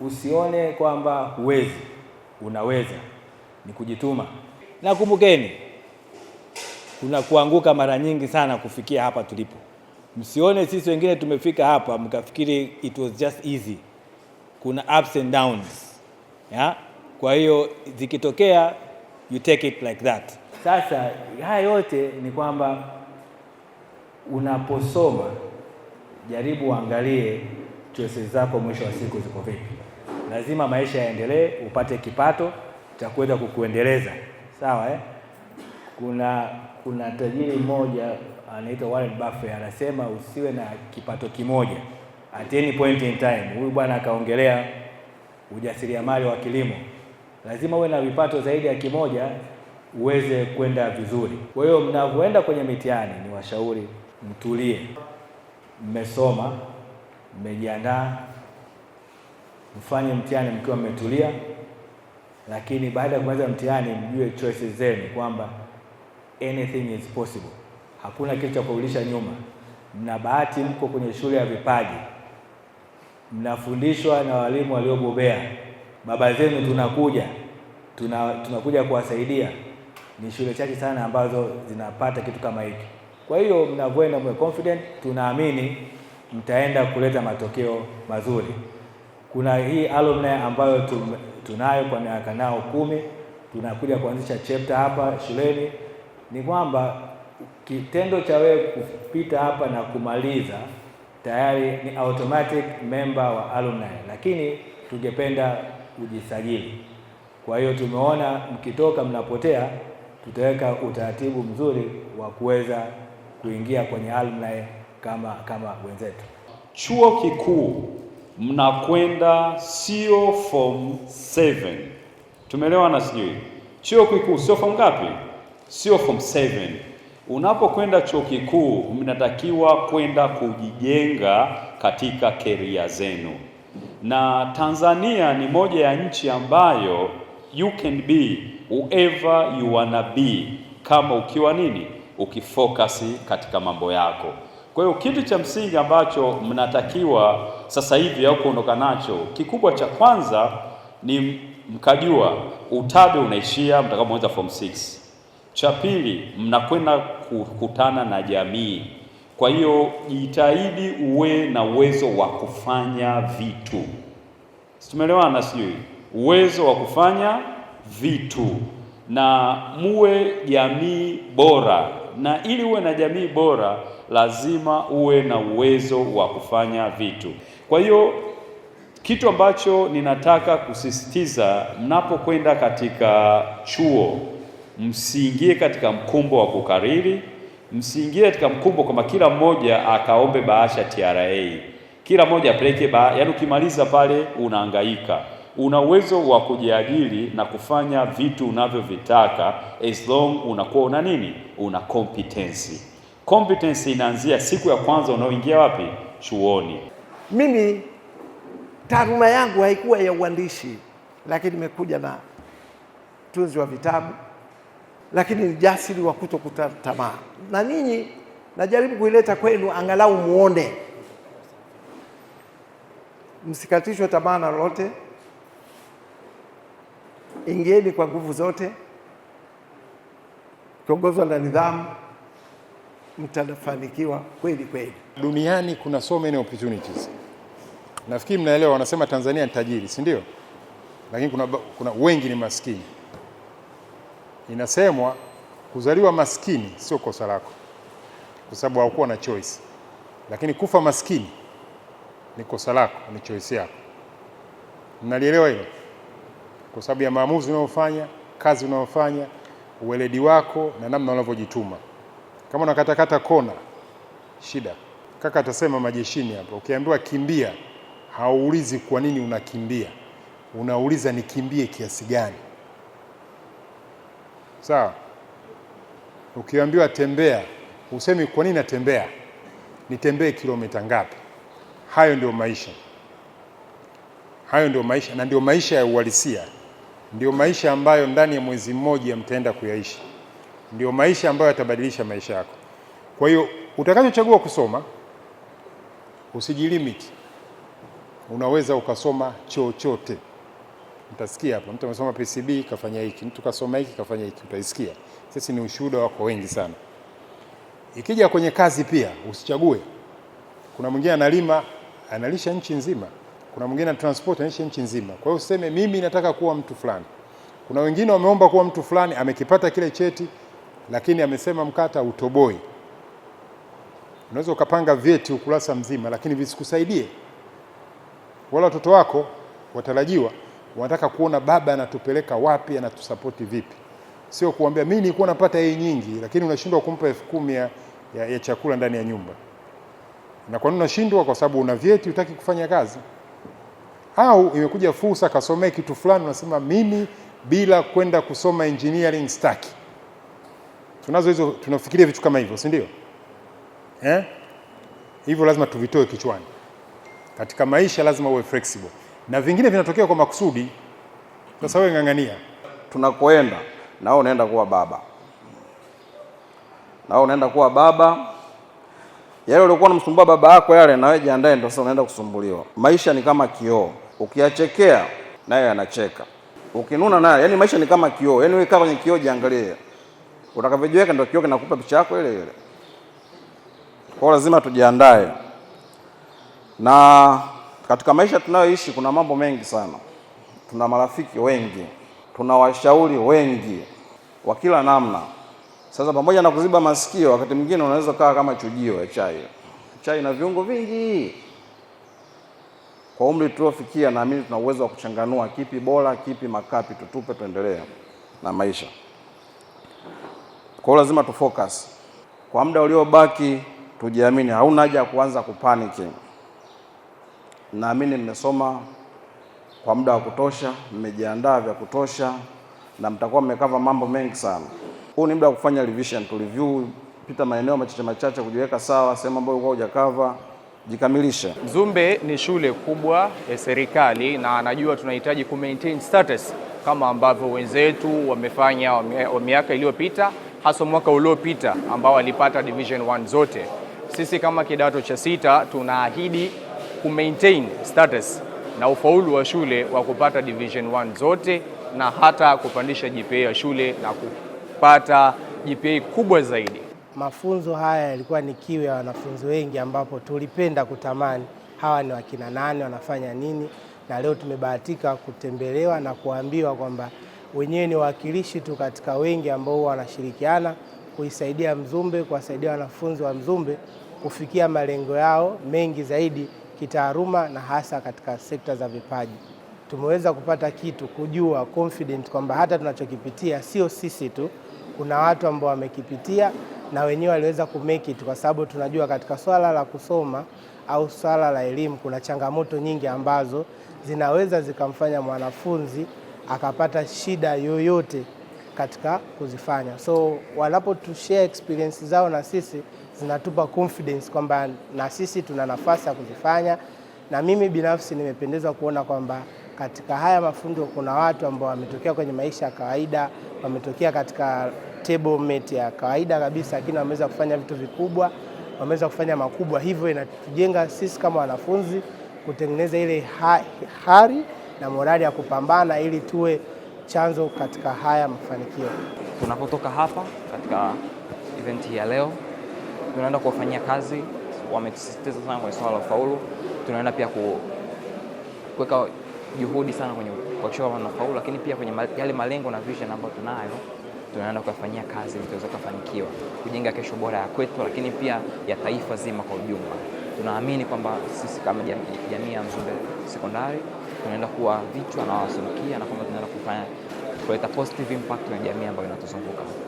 Usione kwamba huwezi, unaweza. Ni kujituma, na kumbukeni, kuna kuanguka mara nyingi sana kufikia hapa tulipo. Msione sisi wengine tumefika hapa mkafikiri it was just easy. Kuna ups and downs ya? Kwa hiyo zikitokea you take it like that. Sasa haya yote ni kwamba unaposoma, jaribu uangalie choices zako mwisho wa siku ziko vipi lazima maisha yaendelee, upate kipato cha kuweza kukuendeleza, sawa eh? Kuna kuna tajiri mmoja anaitwa Warren Buffett anasema usiwe na kipato kimoja at any point in time. Huyu bwana akaongelea ujasiriamali wa kilimo, lazima uwe na vipato zaidi ya kimoja uweze kwenda vizuri. Kwa hiyo mnavyoenda kwenye mitihani, ni washauri mtulie, mmesoma, mmejiandaa mfanye mtihani mkiwa mmetulia, lakini baada ya kumaliza mtihani mjue choices zenu kwamba anything is possible, hakuna kitu cha kurudisha nyuma. Mna bahati, mko kwenye shule ya vipaji, mnafundishwa na walimu waliobobea, baba zenu tunakuja tuna, tunakuja kuwasaidia. Ni shule chache sana ambazo zinapata kitu kama hiki. Kwa hiyo mnavyoenda mwe confident, tunaamini mtaenda kuleta matokeo mazuri. Kuna hii alumni ambayo tunayo kwa miaka nao kumi, tunakuja kuanzisha chapter hapa shuleni. Ni kwamba kitendo cha wewe kupita hapa na kumaliza tayari ni automatic member wa alumni, lakini tungependa ujisajili. Kwa hiyo tumeona mkitoka mnapotea, tutaweka utaratibu mzuri wa kuweza kuingia kwenye alumni kama kama wenzetu chuo kikuu mnakwenda sio form 7. Tumeelewana sijui? Chuo kikuu sio form ngapi? Sio form 7. Unapokwenda chuo kikuu mnatakiwa kwenda kujijenga katika keria zenu, na Tanzania ni moja ya nchi ambayo you can be whoever you wanna be, kama ukiwa nini, ukifokasi katika mambo yako. Kwa hiyo kitu cha msingi ambacho mnatakiwa sasa hivi au kuondoka nacho kikubwa cha kwanza ni mkajua utabe unaishia mtakapomaliza form 6. Cha pili, mnakwenda kukutana na jamii. Kwa hiyo jitahidi uwe na uwezo wa kufanya vitu, situmeelewana? Sijui uwezo wa kufanya vitu na muwe jamii bora na ili uwe na jamii bora lazima uwe na uwezo wa kufanya vitu. Kwa hiyo kitu ambacho ninataka kusisitiza, mnapokwenda katika chuo, msiingie katika mkumbo wa kukariri, msiingie katika mkumbo kama kila mmoja akaombe bahasha TRA, kila mmoja apeleke bahasha, yaani ukimaliza pale unahangaika una uwezo wa kujiajiri na kufanya vitu unavyovitaka as long unakuwa una nini, una competency. Competency inaanzia siku ya kwanza unaoingia wapi, chuoni. Mimi taaluma yangu haikuwa ya uandishi, lakini nimekuja na tunzi wa vitabu, lakini ni jasiri wa kutokuta tamaa, na ninyi najaribu kuileta kwenu, angalau muone, msikatishwe tamaa na lolote ingieni kwa nguvu zote, kiongozwa na nidhamu, mtafanikiwa kweli kweli. Duniani kuna so many opportunities. Nafikiri mnaelewa, wanasema Tanzania ni tajiri, si ndio? Lakini kuna, kuna wengi ni maskini. Inasemwa kuzaliwa maskini sio kosa lako, kwa sababu haukuwa na choice, lakini kufa maskini ni kosa lako, ni choice yako. Mnalielewa hilo? kwa sababu ya maamuzi unayofanya, kazi unayofanya, uweledi wako na namna unavyojituma. Kama unakatakata kona, shida kaka atasema majeshini hapo, ukiambiwa kimbia, hauulizi kwa nini unakimbia, unauliza nikimbie kiasi gani? Sawa. Ukiambiwa tembea, usemi kwa nini natembea, nitembee kilomita ngapi? Hayo ndio maisha, hayo ndio maisha, na ndio maisha ya uhalisia ndio maisha ambayo ndani ya mwezi mmoja mtaenda kuyaishi, ndio maisha ambayo yatabadilisha maisha yako. Kwa hiyo utakachochagua kusoma usijilimit, unaweza ukasoma chochote. Mtasikia hapa mtu amesoma PCB kafanya hiki, mtu kasoma hiki kafanya hiki, utaisikia. Sisi ni ushuhuda wako wengi sana. Ikija kwenye kazi pia usichague. Kuna mwingine analima, analisha nchi nzima kuna mwingine transport anaisha nchi nzima. Kwa hiyo useme mimi nataka kuwa mtu fulani. Kuna wengine wameomba kuwa mtu fulani, amekipata kile cheti, lakini amesema mkata utoboi. Unaweza ukapanga vyeti ukurasa mzima, lakini visikusaidie. Wala watoto wako watarajiwa wanataka kuona baba anatupeleka wapi, anatusapoti vipi, sio kuambia mimi nilikuwa napata hii nyingi, lakini unashindwa kumpa elfu kumi ya, ya, ya chakula ndani ya nyumba. Na kwa nini unashindwa? Kwa sababu una vyeti, hutaki kufanya kazi au imekuja fursa akasomea kitu fulani, unasema mimi bila kwenda kusoma engineering staki. Tunazo hizo, tunafikiria vitu kama hivyo, si ndio? Eh, hivyo lazima tuvitoe kichwani. Katika maisha lazima uwe flexible, na vingine vinatokea kwa makusudi. Sasa wewe ng'ang'ania, tunakoenda na wewe unaenda kuwa baba, na wewe unaenda kuwa baba yale uliokuwa unamsumbua baba yako yale, na wewe jiandae, ndio sasa unaenda kusumbuliwa. Maisha ni kama kioo. Ukiyachekea naye anacheka ukinuna naye. Yani maisha ni kama kioo, yani wewe kaa kwenye kioo, jiangalie, utakavyojiweka ndio kioo kinakupa picha yako ile ile. Kwa lazima tujiandae, na katika maisha tunayoishi kuna mambo mengi sana. Tuna marafiki wengi, tuna washauri wengi wa kila namna. Sasa pamoja na kuziba masikio, wakati mwingine unaweza kaa kama chujio ya chai, chai na viungo vingi kwa umri tuliofikia, naamini tuna uwezo wa kuchanganua kipi bora, kipi makapi, tutupe tuendelee na maisha. Kwa lazima lazima focus kwa muda uliobaki, tujiamini. Hauna haja ya kuanza kupanic. Naamini mmesoma kwa muda wa kutosha, mmejiandaa vya kutosha na mtakuwa mmekava mambo mengi sana. Huu ni muda wa kufanya revision, tu review, pita maeneo machache machache, kujiweka sawa sehemu ambayo ulikuwa hujakava jikamilishe. Mzumbe ni shule kubwa ya serikali na anajua tunahitaji ku maintain status kama ambavyo wenzetu wamefanya wa miaka iliyopita, hasa mwaka uliopita ambao walipata division 1 zote. Sisi kama kidato cha sita tunaahidi ku maintain status na ufaulu wa shule wa kupata division 1 zote na hata kupandisha GPA ya shule na kupata GPA kubwa zaidi mafunzo haya yalikuwa ni kiu ya wanafunzi wengi, ambapo tulipenda kutamani hawa ni wakina nani, wanafanya nini, na leo tumebahatika kutembelewa na kuambiwa kwamba wenyewe ni wawakilishi tu katika wengi ambao wanashirikiana kuisaidia Mzumbe, kuwasaidia wanafunzi wa Mzumbe kufikia malengo yao mengi zaidi kitaaluma na hasa katika sekta za vipaji. Tumeweza kupata kitu kujua confident kwamba hata tunachokipitia sio sisi tu, kuna watu ambao wamekipitia na wenyewe waliweza kumake it, kwa sababu tunajua katika swala la kusoma au swala la elimu kuna changamoto nyingi ambazo zinaweza zikamfanya mwanafunzi akapata shida yoyote katika kuzifanya. So wanapotushare experience zao na sisi zinatupa confidence kwamba na sisi tuna nafasi ya kuzifanya, na mimi binafsi nimependezwa kuona kwamba katika haya mafunzo kuna watu ambao wametokea kwenye maisha ya kawaida, wametokea katika table mate ya kawaida kabisa, lakini wameweza kufanya vitu vikubwa, wameweza kufanya makubwa, hivyo inatujenga sisi kama wanafunzi kutengeneza ile hari na morali ya kupambana ili tuwe chanzo katika haya mafanikio. Tunapotoka hapa katika event ya leo, tunaenda kuwafanyia kazi, wametusisitiza sana kwenye swala la ufaulu. Tunaenda pia kuweka juhudi sana kwenye kuhakikisha kwamba tunafaulu, lakini pia kwenye yale malengo na vision ambayo tunayo tunaenda kuyafanyia kazi ili tuweze kufanikiwa kujenga kesho bora ya kwetu, lakini pia ya taifa zima kwa ujumla. Tunaamini kwamba sisi kama jamii ya Mzumbe Sekondari tunaenda kuwa vichwa na wasurukia na kwamba tunaenda kufanya kuleta positive impact kwenye jamii ambayo inatuzunguka.